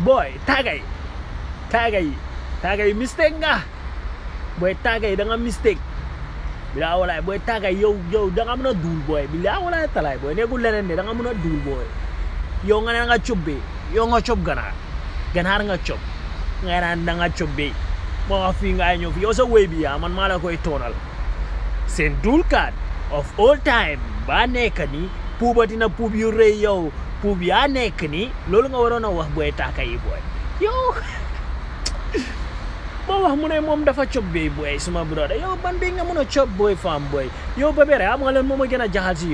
Boy Tagay Tagay Tagay mistake nga Boy Tagay dengan mistake bila wala boy tagay yo yo dengan mana dul boy bila wala talai boy ini aku de da dengan mana dul boy yo nga ne nga be yo nga cob gana. Gana nga cob nga naan da nga cobbe moo wax fii nga aman fi yow sa wéy bi man tonal. Sen dul of all time Ba nekk ni puubatina puub pubi, pour yaa nekk ni loolu nga waroon a wax booy taaka yi booy yow moo wax mu ne dafa cob bey booy suma brother yo ban bi nga mën a boy fam boy yo yow ba bere am nga leen moom a gën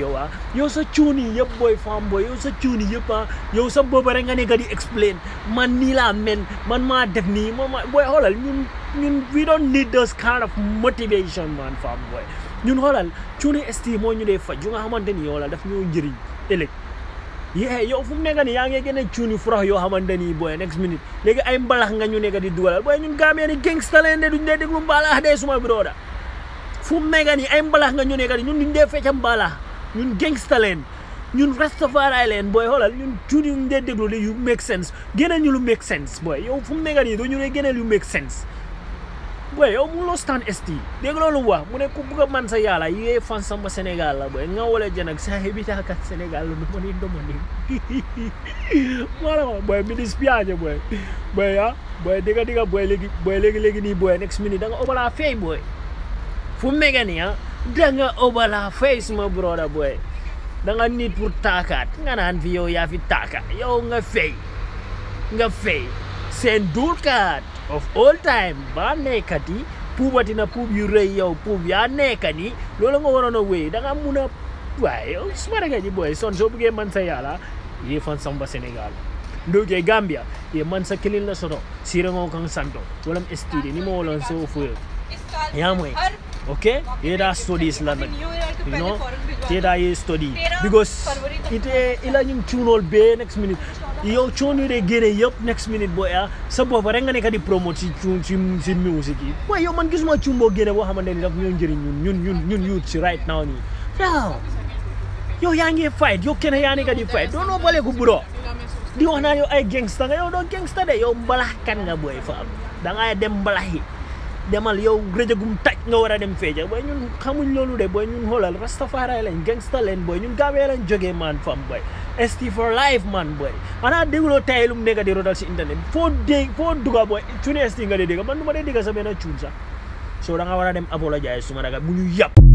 yo sa cuuni yëpp boy fam boy yo sa cuuni yëpp ha yo sa booba nga nga di explain man nii laa men man ma def nii moom boy holal ñun ñun we don't need those kind of motivation man fam boy. ñun holal chuni esti mo ñu dee faj yu nga xamante ni la daf yee yow fu mu nekk nii yaa ngi gën a cuuni furax yoo xamante ni booy next minute léegi ay mbalax nga ñu nekk di dugalal booy ñun Gambien ni gangsta leen de duñ dee déglu mbalax de suma broda fu mu nekk nii ay mbalax nga ñu nekk di ñun duñ dee fecca mbalax ñun gangsta leen ñun Rastafari leen booy xoolal ñun cuuni ñu dee déglu de yu make sense gën a ñu lu make sense booy yow fu mu nekk nii doo ñu ne gën a lu make sense boy yow mu lo stand esti deg lolu wax mu ne ku bëgg man sa yalla yé fan sama sénégal la boy nga wolé jëna ak sa hébita ka sénégal lu mo ni do mo ni wala boy mi dispiage boy boy ya boy diga diga boy legi boy legi legi ni boy next minute da nga obala fay boy fu mega kan ni ha da nga obala fay sama broda boy da nga nit pour takat nga nan vi yow ya fi takat, yow nga fay nga fay Sendulkat of all time ba puba dina pub yu rëy yow pub ya nekani ni oh, nga warono wey da nga muna way smara nga son so bëgge man sa yalla yee fon samba Sénégal ndoje Gambia ye man sa kilin la soto sirango kan santo wolam std ni mo wolon so fu ya moy okay ye da studies la nak you know ye da ye study because ite eh, ila nyum tunol be next minute io re géré yep next minute boy ya ah. sabo fa renga ne di promote ci ci ci music way yo man gisuma ci géré gene bo ni daf ñoo njëriñ ñun ñun ñun youth ci right now ni yow yo yangi fight yo kene yani di fight do no bale ko bro di wax na yo ay gangster nga yow do gangster de yo mbalax kan nga boy fa da nga dem mbalaxi jamal yow rëjëgum taj nga war a dem feeja booy ñun xamuñ loolu de booy ñun xoolal rastafari lañ gangsta leen booy ñun gaawee lañ jógee man fam booy ST for life man booy xanaa dégloo tey lu mu nekk di rotal si internet foo dégg foo duga booy suñu ST nga dee dégg man du ma dee dégg sa benn cuun sax soo da nga war a dem Apolo Jaay suma daga bu ñu yàpp